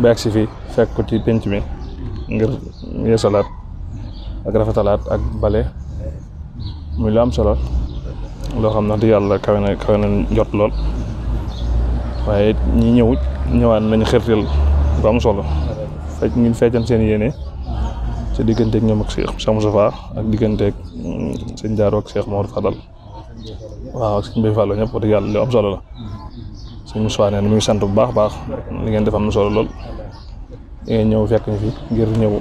ba ci fi fekk ko ci penc mi ngir yeesalaat ak rafetalaat ak balé muy lu am solo loo xam na di yalla kawena kawena jot lol waye ñi ñëw ñewaan nañ xertel bu am solo fajj ngeen feccan seen yene ci digënté ak ñom ak Cheikh Cheikh Moustapha ak digënté ak seigne daro ak Cheikh Mor Fadal waaw ak seigne Bay Fallo ñëpp di yalla yàlla lu am solo la suñu soirée nee na ngi sant bu baax baax li ngeen def am solo lool ngeen ñëw fekk ñu fi ngir ñëw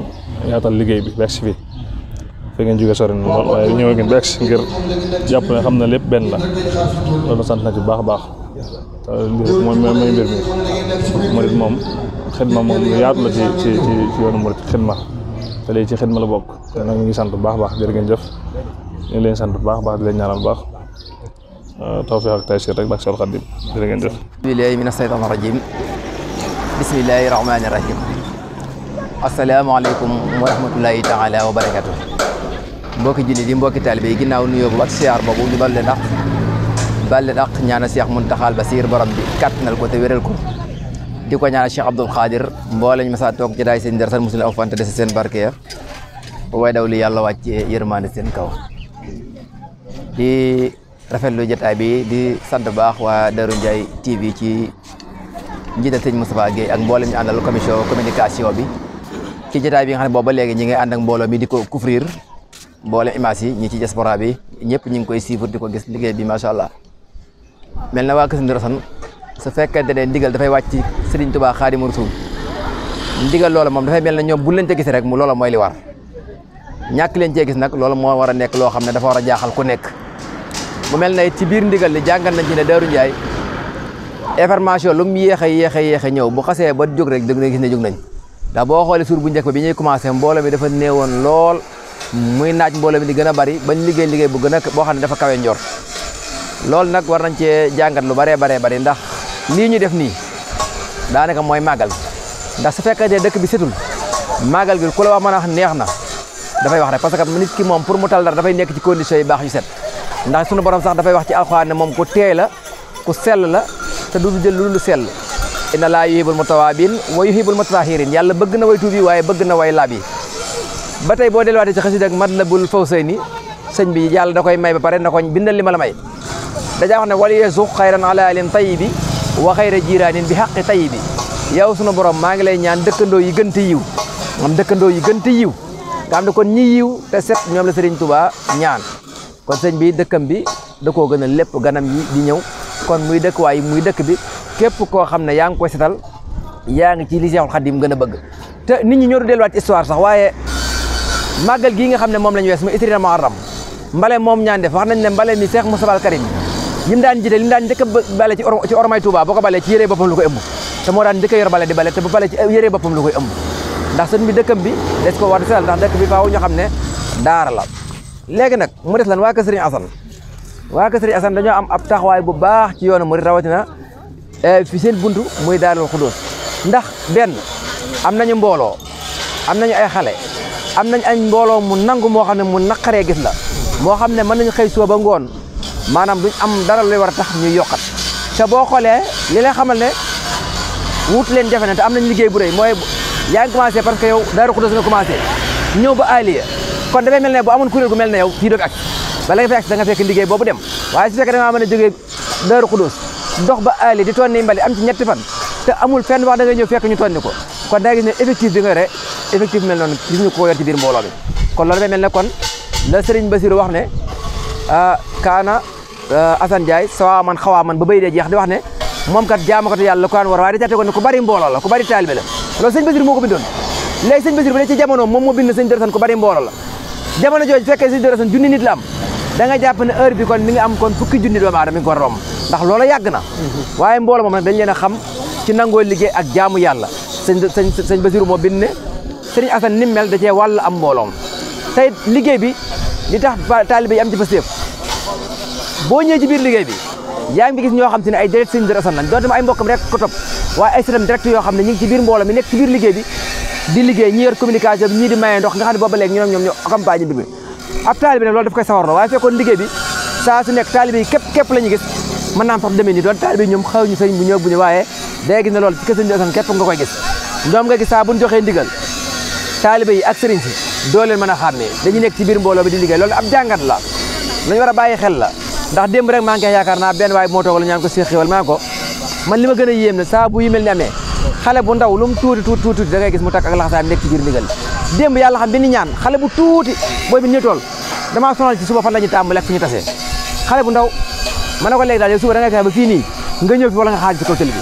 yaatal liggéey bi bex fi fi ngeen jógee soirée na lool waaye ñëw ngeen ngir ngir jàpp ne xam na lépp benn la loolu sant na ci bu baax baax lii rek mooy mooy mbir mi murit moom xidma moom lu yaatu la ci ci ci yoonu murit xidma te léegi ci xidma la bokk te nag ñu ngi sant bu baax baax jërë ngeen jëf ñu leen sant bu baax baax di leen ñaanal bu baax توفيقك تيسيرك بارك الله القديم بسم الله من الشيطان الرجيم بسم الله الرحمن الرحيم السلام عليكم ورحمه الله تعالى وبركاته بوك جيني دي بوك طالبي غيناو نيو بوك سيار بوبو دي بالي داخ بالي داخ نيانا شيخ منتخا البصير برام بي كاتنال ديكو نيانا شيخ عبد القادر مبولاج مسا جداي سين درسال مسلم او فانت باركيا واي داولي يالا واتي يرمان سين كاو دي rafetlu jotaay bi di sant baax wa Darou Ndiaye TV ci njita sëñ Moustapha Guèye ak mboolem ñu andal commission communication bi ci jotaay bi nga xam bobu boobu ñi ngi and ak mbolo mi diko couvrir mbolé image yi ñi ci diaspora bi ñepp ñi ngi koy suivre diko gis liggéey bi macha allah mel na waa Kër Sëñ Rasan su fekkente ne ndigal dafay wàcc Serigne Touba khadim Rasuul ndigal lolo mom da fay melna ñom bu leen te gis rek mu lolo moy li war ñak leen te gis nak lolo mo wara nek lo xamne dafa wara jaaxal ku nek mu melne ci bir ndigal li jangal nañ ci ne daru ndjay information lu mi yéex a yéex ñew bu xasse ba jog rek deug na gis ne jog nañ da bo xolé sur bu njëkk ba bi ñuy commencé mbooloo bi dafa neewon lool muy naaj mbooloo bi di bari bañ liggéey liggéey bu gëna bo xamne dafa kawé njor lool nak war nañ ci jangal lu bare bare bare ndax li ñu def da naka moy magal ndax su fekkee dekk bi setul magal gi ko la wax mën wax neexna da fay wax rek parce que nit ki mom pour mu tal dara fay nek ci condition yu bax yu set ndax sunu borom sax dafay wax ci alxuraan ne moom ku teey la ku sel la te du jël lu dul sell inna laa yuhibbul mutawaabin wa yuhibbul mutatahhirin yàlla bëgg na way tuub yi waaye bëgg na way laab yi ba tey boo si delluwaatee ci xasida ak Matlabul Fawzayni sëñ bi yàlla da koy may ba pare na ko bindal li ma la may dajaa wax ne wala yeesu xayran alalin tayibi wa xayra jiraanin bi xaqi bi yow sunu borom maa ngi lay ñaan dëkkandoo yi gën te yiw am dëkkandoo yi gën te yiw nga kon ñi yiw te set ñoom la Sëriñ ñaan kon sëñ bi dëkkam bi da koo gën a lépp ganam yi di ñëw kon muy dëkkuwaay yi muy dëkk bi képp koo xam ne yaa ngi koy setal yaa ngi ci li Seexul Xadim gën a bëgg te nit ñi ñooru delluwaat ci histoire sax waaye màggal gii nga xam ne moom la ñu wees muy Itrina Muharram mbale moom ñaan def wax nañ ne mbale mi Seex Mustafaa al Karim yi daan jiite li mu daan njëkk a bale ci ci ormay Touba boo balee ci yére boppam lu koy ëmb te moo daan njëkk a yor bale di bale te bale ci yére boppam lu koy ëmb ndax sëñ bi bi des ko war di dëkk bi faaw ñoo xam ne daara la léegi nak mu lan wa kër Serigne Assane wa kër Serigne Assane dañu am ab taxawaay bu baax ci yoonu murid rawatina fi seen buntu moy Daarul khudus ndax ben am nañu mbolo am nañu ay xalé am nañ ay mbolo mu nangu mo xamne mu nakare gis la mo xamne man nañu xey suba ba ngoon maanaam duñ am dara lay war tax ñu yokkat ca bo xolé li lay xamal ne wut leen jafe te am nañ liggey bu reuy moy yaa commencé parce que yow Daarul khudus nga commencé ñew ba Aliya kon dafay mel ne bu amoon kuréel gu mel ne yow fii doo fi agsi bala nga fi agsi da nga fekk liggéey boobu dem waaye su fekkee da ngaa mën a jógee Daaru Xudoos dox ba aali di toon ni mbali am ci ñetti fan te amul fenn wax da ngay ñëw fekk ñu toon ni ko kon da gis ne effectif bi nga yore effectif mel noonu gis ñu ko yor ci biir mbooloo bi kon loolu dafay mel ne kon la Serigne Bassirou wax ne kaana Assane Ndiaye sawaa man xawaa man ba bay dee jeex di wax ne moom kat jaamakatu yàlla ko an war waaye di tàtte ko ne ku bari mbooloo la ku bari taalibe la loolu sëñ Bassirou moo ko bindoon léegi sëñ Bassirou ba ne ci jamono moom moo bind sëñ Dërësan ku bari mbooloo la jamono jooju fekkee Sëñ Daaru Asan junni nit la am da nga jàpp ne heure bi kon mi ngi am kon fukki junni doomu aadama mi ngi ko romb ndax loola yàgg na waaye mbooloo ma nag dañ leen a xam ci nangoo liggéey ak jaamu yàlla sëñ sëñ sëñ Basiru moo bind ne sëñ Asan ni mel da cee wàll am mbooloom tey liggéey bi li tax taalibe yi am ci fa séef boo ñëwee ci biir liggéey bi yaa ngi gis ñoo xam te ne ay direct sëñ Daaru Asan lañ dootuma ay mbokkam rek ko ne ñu ci biir mbooloo mi nekk ci liggéey bi di liggéey ñi yor communication bi ñii di maye ndox nga xam ne booba léegi ñu accompagné mbir képp képp la ñu gis mën naam sax demee nii doon taalibi ñoom xaw ñu sëñ bu ñëw bu ñu ñoom nga gis saa ñu joxee ndigal taalibe yi ak sëriñ si doo mën a xàmmee dañu nekk ci biir mbooloo bi di liggéey loolu ab jàngat la lañu war a bàyyi xel la ndax démb rek maa ngi yaakaar naa benn waaye moo toog la ñaan ko si xéwal maa ko man li ma gën a yéem ne saa bu yi ni amee xalé bu ndaw lum tuti tuti tuti da ngay gis mu tak ak laxasaay nek ci biir ndigal démb yalla xam benn ñaan xalé bu tuti boy bi ñu tol dama sonal ci suba fa lañu ñu tàmbale ak fi ñu tasee xale bu ndaw ma ne ko léegi daal suba da ngay fexe ba fii nii nga ñëw fi wala nga xaaj ci kaw tëli bi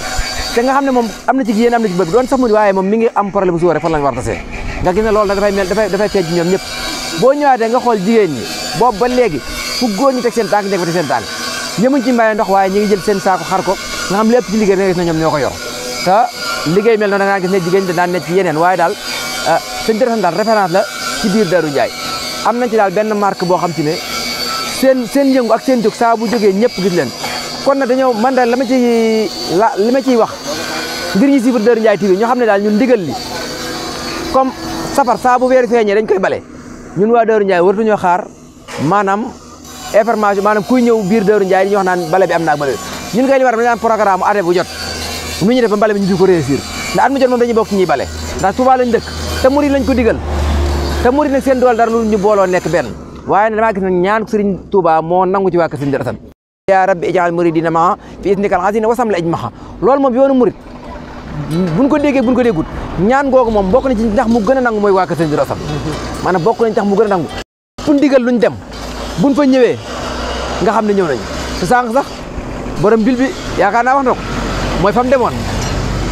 te nga xam mom amna ci yéen amna ci bëb doon sax mu waye mom mi ngi am problème suba rek fa lañu war tassé nga gis ne lool da fay mel da fay da fay tej ñom ñëpp bo ñëwaatee nga xol jigéen ñi bo ba léegi fu góor ñi teg seen tank nek fa teg seen tank ñëmu ci mbaye ndox waye ñi ngi jël seen saako xar ko nga xam lepp ci liggéey rek na ñom ñoko yor ta liggéey mel non nga gis ne jigen da daan ci yenen way dal ah, sëñ Darou Assane daal référence la ci bir daru Ndiaye am nañ ci dal ben marque bo xam ci ne sen sen yeungu ak sen juk sa bu joge ñëpp gis len kon na dañu man dal la ci ciy ci wax ngir ñi ci bir daru Ndiaye TV ñoo xamne dal ñun ndigal li comme safar sa bu wéri feñe dañ koy balé ñun wa daru Darou Ndiaye waratuñoo xaar manam information manam kuy ñew bir daru Ndiaye ñu wax naan bale bi am naa balé ñun kay li war dañ am programme arrêt bu jot mu ñu def mbalé ñu ko réussir da am mu jot moom ñi bale da Touba lañ dëkk té murid lañ ko diggal té murid nak seen dool dara ñu bolo nek ben waye dama gis nak ñaan Serigne Touba mo nangu ci wa ka Serigne ya rabbi ij'al muridina ma fi isnika al-azina wa samla ijmaha loolu moom yoonu murid buñ ko déggé buñ ko déggut ñaan googu mom bok na ci ndax mu gëna nang nangu wa ka Serigne Dara man bok na ndax mu gëna nang nangu buñ digal luñ dem buñ fa ñëwé nga xam ñëw nañ te sax borom bil bi na wax mooy fa mu demoon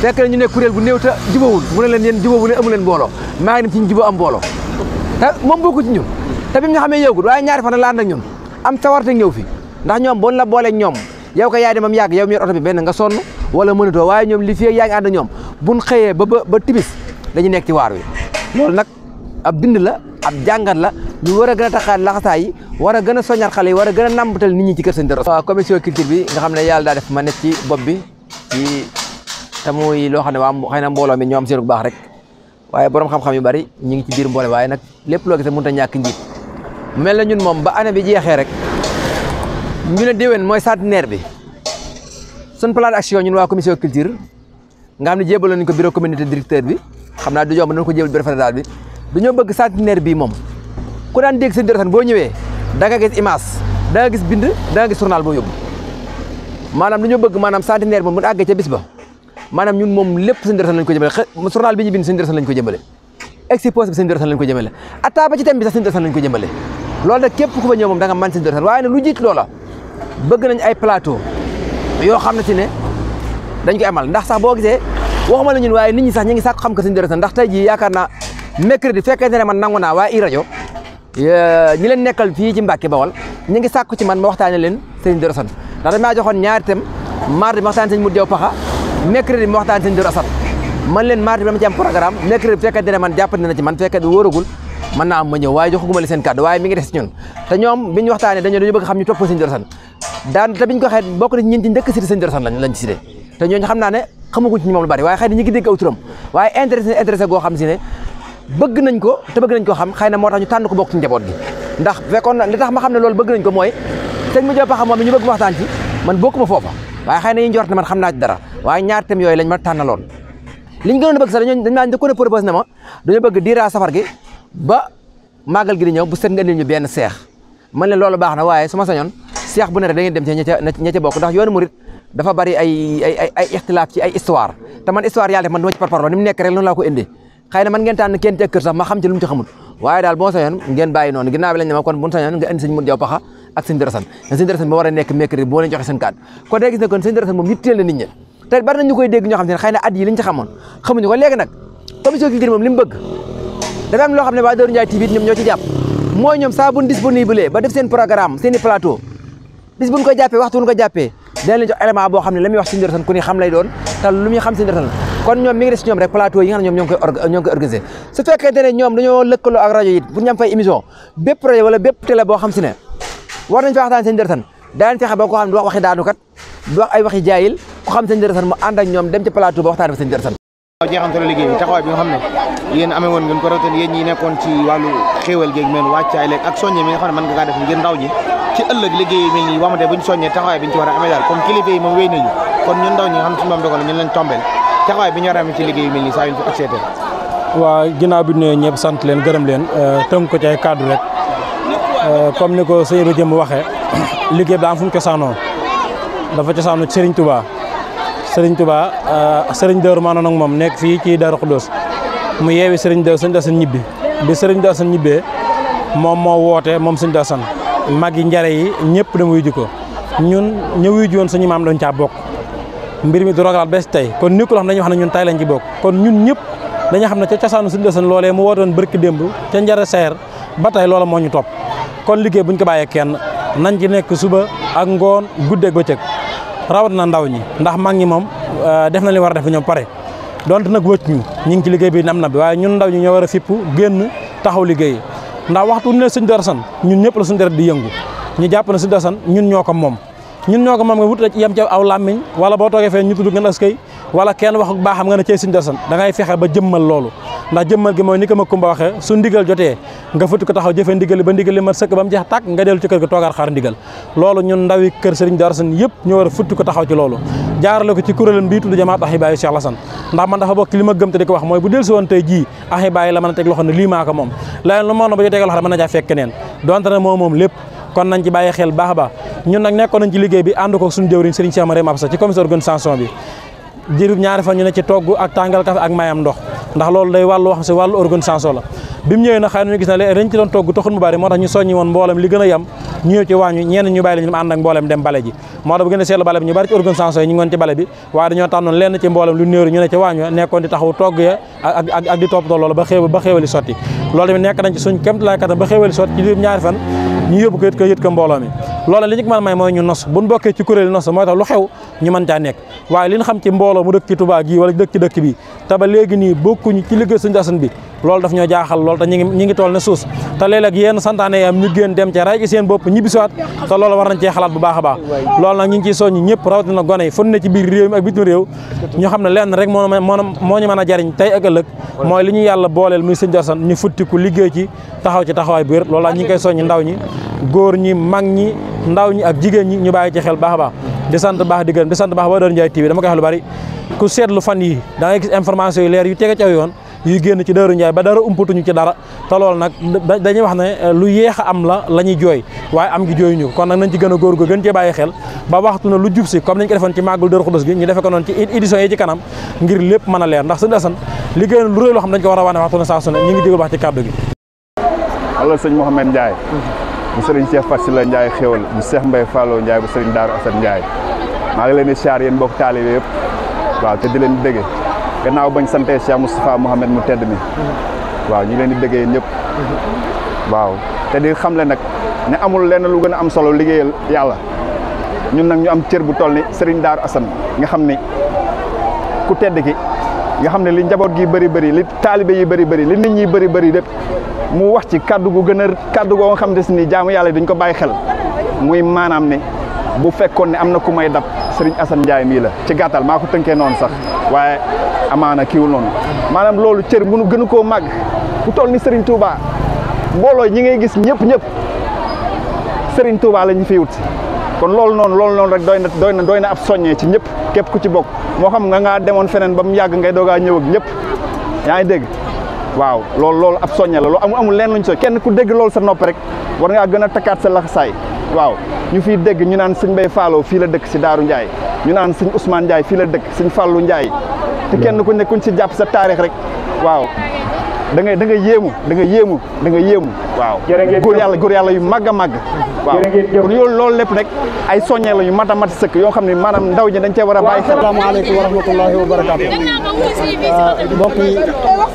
fekk na ñu ne kuréel gu néew te jubawul mu ne leen yéen jubawu leen amu leen mbooloo maa ngi dem ci ñu jubóo am mbooloo te moom bokku ci ñun te bi nga xamee yëgul waaye ñaari fan la ànd ak ñun am tawarte ñëw fi ndax ñoom bon la booleeg ñoom yow ko yaay demam yàgg yow mi yor oto benn nga sonn wala mënatoo waaye ñoom li fii yaa ngi ànd ak ñoom buñ ba ba ba tibis dañu nekk ci waar wi loolu nag ab bind la ab jàngat la ñu war a gën a taxaat laxasaay yi war a gën a soññaat xale a a nàmbatal nit ñi ci kër sëñ Darou. waaw commission culture bi nga xam ne yàlla daa def ma nekk ci bopp bi ci tamuy lo xamne wa xeyna mbolo mi ñom seenu bax rek waye borom xam-xam yu bari ñi ngi ci biir mboole waye nak lepp lo gis mënut ñak njit njiit mel na ñun mom ba année bi jexé rek ñu ne déwén mooy centenaire bi sun plan d'action ñun wa commission culture nga xam ne jébal nañ ko bureau communauté directeur bi xamna du jom nañ ko jébal bureau fédéral bi dañoo bëgg centenaire bi mom ku daan dégg seen dorotan bo ñëwé da nga gis image da nga gis bind da nga gis journal bo yobbu manam dañu bëgg manam centenaire bu mu àgg ci bisba manam ñun mom lepp sëñ dërsal lañ ko jëmale journal bi ñu bind sëñ dërsal lañ ko jëmele exposé bi sëñ dersan lañ ko jëmele atta ba ci thème bi sax dërsal lañ ko jëmele lool da képp ku fa ñëw mom da nga man sëñ dërsal waaye nag lu jiit loola bëgg nañ ay plateau yo xamna ci ne dañ ko amal ndax sax bo gisé waxuma la ñun waaye nit ñi sax ñi ngi sàkk xam ko sëñ dërsal ndax tay ji yaakaar naa mercredi fekké né man nanguna wa waa i rajo ñi leen nekkal fi ci mbacké Bawal ñi ngi sàkku ci man ma waxtaane leen sëñ dërsal ndax dañ maa joxoon ñaari thèmes mardi ma waxtaan sëñ mu dew paxa mercredi ma waxtaan sëñ man leen mardi dama ci am man na naa am ma ñëw waaye joxaguma leen seen kàddu waaye mi te ñoom bi ñu waxtaanee dañoo dañoo bëgg xam ñu topp na naa ne xamaguñ ci moom lu bari waaye ko te bëgg na moo tax ñu tànn ko bokk ci njaboot gi ndax fekkoon na li tax ma xam ne loolu bëgg nañ mooy sëñ mu jappa xam-xam ñu bëgg waxtaan ci man bokkuma foofa waye xayna ñu jort ne man xam naa ci dara waye ñaar thèmes yoy lañ ma tànnaloon li ñu gënoon bëgg sa dañu dañ maa njëkkoon a proposé ne ma dañu bëgg dira safar gi ba magal gi di ñew bu set nga ñu benn cheikh man leen loolu baax na waaye su ma sañoon bu ne da ngeen dem ci ña ca bokk ndax yoonu mourid dafa bari ay ay ay ay ikhtilaf ci ay histoire te man histoire yalla man do ci parparo nim mu nekk rek noonu la ko indi xayna man ngeen tan kenn ci kër sax ma xam ci lu mu ci xamul waye dal bo sañon ngeen bayyi non ginaaw bi lañ ne ma kon bu sañon nga indi sëñ mu jaw paxa ak sëñ Dara Sane sëñ Dara Sane moo war a nekk mercredi moo leen joxe seen kàddu kon day gis ne kon sëñ Dara Sane moom yitteel na nit ñi te bari nañ ñu koy dégg ñoo xam ne xëy na at yi liñ ci xamoon xamuñu ko léegi nag commission culture moom li mu bëgg dafa am loo xam ne waa Darou Ndiaye TV ñoom ñoo ci jàpp mooy ñoom saa bu disponible ba def seen programme seen i plateau bis buñ ko jàppee waxtu buñ ko jàppee dinañ leen jox élément boo xam ne la muy wax sëñ Dara Sane ku ni xam lay doon te lu muy xam sëñ Dara Sane kon ñoom mi ngi des ci ñoom rek plateau yi nga xam ne ñoom ñoo ngi koy ñoo ngi koy organisé su fekkente ne ñoom dañoo lëkkaloo ak rajo yi pour ñu am fay émission bépp rajo wala bépp télé boo xam si ne war nañ fa waxtaan seen dërëtan daan fexe ba ko xam du wax waxi daanu kat du wax ay waxi jaayil ku xam seen mu ànd ñoom dem ci plateau ba waxtaan fa seen dërëtan waaw jeexantalu liggéey bi taxawaay ñi ci wàllu xéewal liggéey yi mel nii wamate buñ soññee taxawaay bi ñu war a amee daal comme kilifa yi moom wéy nañu kon ñun ndaw ñi xam ne suñu moom lañ tombeel taxawaay bi ñu war a ci liggéey yu mel nii saa yuñ fi accepté waaw bi ñu ñëpp sant leen gërëm leen Euh, comme ni ko sëñ bi jëm waxee liggéey bi am fu mu dafa cosaanoo ci Serigne Touba Serigne Touba euh, Serigne Deur maanoon ak moom nekk fii ci Darou Khoudoss mu yeewi Serigne Deur sëñ Dasan ñibbi bi Serigne Dasan ñibbee moom moo woote moom sëñ Dasan mag yi njare yi ñëpp dama wuyu ko ñun ñu wuyu ji woon suñu maam caa bokk mbir mi du rogalaat tey kon ni ko loo xam wax ne ñun lañ ci bokk kon ñun ñëpp dañu xam ne ca cosaanu sëñ Dasan loolee mu woote woon démb ca njare seer ba tey loola moo ñu topp kon liggéey bu ñu ko bàyyee kenn nañ ci nekk suba ak ngoon guddee guddeeg bëccëg rawat na ndaw ñi ndax mag ñi moom euh, def na li war a def ñoom pare donte nag wëcc ñu ñu ngi ci liggéey bi nam na bi waaye ñun ndaw ñi ñoo war a fippu génn taxaw liggéey ndax waxtu ne suñ darasan ñun ñëpp la suñ deret di yëngu ñu jàpp na suñ darasan ñun ñoo ko moom ñun ñoo ko moom nga wut rek yem ca aw làmmiñ wala boo toogee fee ñu tudd wala kenn wax baaxam nga ne cey suñ darasan da ngay fexe ba jëmmal loolu ndax jëmmal gi moy ni ko ma kumba waxe su ndigal joté nga futti ko taxaw jëfé ndigal ba ndigal li mat sëkk bam mu jeex nga delu ci kër ga togar xaar ndigal loolu ñun ndawi kër serigne Daaru Asan yëpp ñoo war ko taxaw ci loolu jaarale ko ci kurelam bi tuddu jamaat Ahibaayu Cheikh Lassane ndax man dafa bok lima gëm te diko wax moy bu del si woon tey jii Ahibaay la mëna tek loxo ne lii maa lu ba fekk neen donte mom mom lepp kon nañ ci baye xel baax ba ñun nak nekkon nañ ci liggéey bi and ko suñu jëwriñ Serigne Cheikh Marie Mabsa ci organisation bi diirub ñaari fan ñu ne ci togg ak tàngal kafe ak mayam ndox ndax loolu day wàllu wax si wàllu organisation la bi mu ñëwee nag xëy na ñu gis na le reñ bari a ci wàññi ñenn a seetlu bale bi ñu bari ci organisation yi ñu ngi woon ci bale bi waaye dañoo tànnoon lenn ci mboolem lu néeru ñu ne ci wàññi nekkoon di taxaw togg ya ak ak di toppatoo loolu ba xéew ba xéewali sotti loolu tamit nekk nañ ci suñ kémtalaay kattan ba xéewali sotti ci diirub ñaari fan ñu yóbbu ko yët ko yët ko mbooloo mi loola li ñu ko a may mooy ñu nos buñ bokkee ci kuréel nos mooy tax lu xew ñu mën caa nekk waaye li ñu xam ci mbooloo mu dëkk ci tubaab yi wala dëkk dëkk bi te ba léegi nii bokkuñu ci liggéey suñu asan bi loolu daf ñoo jaaxal lool te ñu ngi tool ngi toll ne suus ta léeg ak yeen santaane am ñu gën dem ci ray ci seen bop ñibisuat ta loolu war nañ ci xalaat bu baaxa baax loolu nak ñu ci soñ ñepp ñëpp rawatina gone fu ne ci biir réew ak bitu réew ñu xam ne lenn rek mo mo ñu mëna jariñ tay ak ëlëk moy li ñu yalla booleel muy señ Jasan ñu futti ku liggéey ci taxaw ci taxaway bu wér loolu laa ñu ngi koy soññ ndaw ñi goor ñi mag ñi ndaw ñi ak jigéen ñi ñu bàyyi ci xel baaxa baax di sant baax di gën di sant baax wa doon jay TV dama koy wax bari ku seetlu fan yi da nga gis information yu leer yu tégg ci ay yoon yuy génn ci Daaru Njaay ba dara umpatuñu ci dara te loolu nag dañuy wax ne lu yéex a am la la ñuy jooy waaye am gi jooy ñu kon nag nañ ci gën a góor go gën cee bàyyi xel ba waxtu na lu jub si comme niñ ko defoon ci màggul Daaru Xudoos gi ñu defe ko noonu ci édition yi ci kanam ngir lépp mën a leer ndax suñu desan liggéey lu réy loo xam dañ ko war a wane waxtu na saa su ne ñu ngi jégal wax ci kàddu gi wala sëñ Mouhamed Ndiaye mhm. bu sëriñ Cheikh Fassila Ndiaye xéwal bu Cheikh Mbaye bu sëriñ Daaru Assane Ndiaye maa ngi yëpp waaw te di leen dégge gannaaw bañ sante Cheikh Moustapha Mohamed mu tedd mi waaw ñu leen di déggee ñëpp waaw te di xamle nag ne amul lenn lu gën a am solo liggéeyal yàlla ñun nag ñu am cër bu toll ni Serigne Darou Assane nga xam ni ku tedd ki nga xam ne li njaboot gi bari bëri li taalibe yi bari bari li nit ñi bari bari lépp mu wax ci kàddu gu gën a kàddu goo nga xam ne si ni jaamu yàlla dañ ko bàyyi xel muy maanaam ne bu fekkoon ne am na ku may dab Serigne Assane Ndiaye mii la ci gàttal maa ko tënkee noonu sax waaye amaana kiiwul noonu maanaam loolu cër mënu gën koo màgg bu toll ni sëriñ Touba mbooloo ñi ngay gis ñëpp ñëpp Serigne Touba la ñu fi wut kon loolu noonu loolu noonu rek doy na doy na doy na ab soññee ci ñëpp képp ku ci bokk moo xam nga ngaa demoon feneen ba mu yàgg ngay doogaa ñëw ak ñëpp yaa ngi dégg waaw loolu loolu ab soññee la loolu amul amul leen luñ so kenn ku dégg loolu sa nopp rek war ngaa gën a takkaat sa laxasaay waaw ñu fiy dégg ñu naan sëñ Mbaye Fallo fii la dëkk si Daaru Ndiaye ñu naan sëñ Ousmane Ndiaye fii la dëkk sëñ Fallou Ndiaye te kenn ku nekkuñ si jàpp sa taarix rek waaw da ngay da ngay yéemu da ngay yéemu da ngay yéemu waaw góor yàlla góor yàlla yu màgg a màgg waaw kon loolu loolu lépp rek ay soññee la yu mat a mat sëkk yoo xam ne maanaam ndaw ñi dañ cee war a bàyyi xel asalaamaaleykum wa rahmatullahi wa barakaatu mbokk yi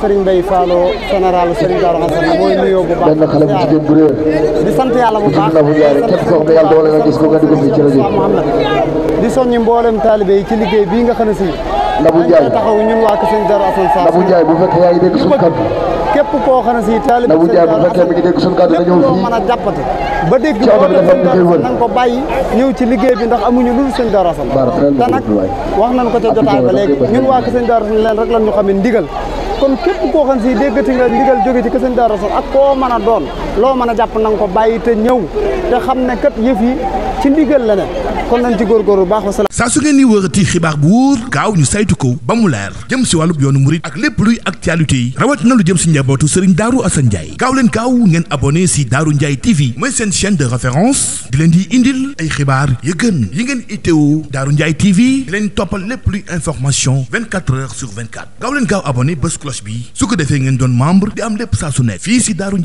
Serigne Mbaye Fallo général Serigne Darou Hassane mooy nuyoo bu baax benn xale bu jigéen bu réer di sant yàlla bu baax nafu jaare képp koo yàlla doole nga gis ko nga di ko fii ci rajo di soññi mboolem taalibe ci liggéey bii nga xam ne si Nabou Ndiaye taxaw ñun waa Kër Sëñ Darou Assane Sarr Nabou Ndiaye bu fekkee yaa ngi dégg suñu kàddu képp koo xam ne si taalib Nabou Ndiaye bu fekkee mi ngi dégg suñu kàddu dañoo fii mën a jàppate ba dégg ci oto bi dafa am liggéey wër na nga ko bàyyi ñëw ci liggéey bi ndax amuñu lu dul Sëñ Darou Assane te nag wax nañ ko ca jotaay ba léegi ñun waa Kër Sëñ Darou Assane leen rek lan ñu xam ne ndigal kon képp koo xam si déggati nga ndigal jóge ci Kër Sëñ Darou Assane ak koo mën a doon loo mën a jàpp na nga ko bàyyi te ñëw te xam ne kat yëf yi ci ndigal la ne kon saa su ngeen di wërati xibaar bu gaaw ñu saytu ko ba mu leer jëm si wàllub yoonu murit ak lépp luy actualité yi rawat na lu jëm si njabootu Serigne Darou Assane Ndiaye gaaw leen gaaw ngeen abonné si Darou Ndiaye TV mooy seen chaîne de référence di leen di indil ay xibaar yu yi ngeen itteewu Darou Ndiaye TV di leen toppal lépp luy information heures sur 24 gaaw abonné bés cloche bi su ko defee ngeen doon membre di am lépp saa su ne fii si Darou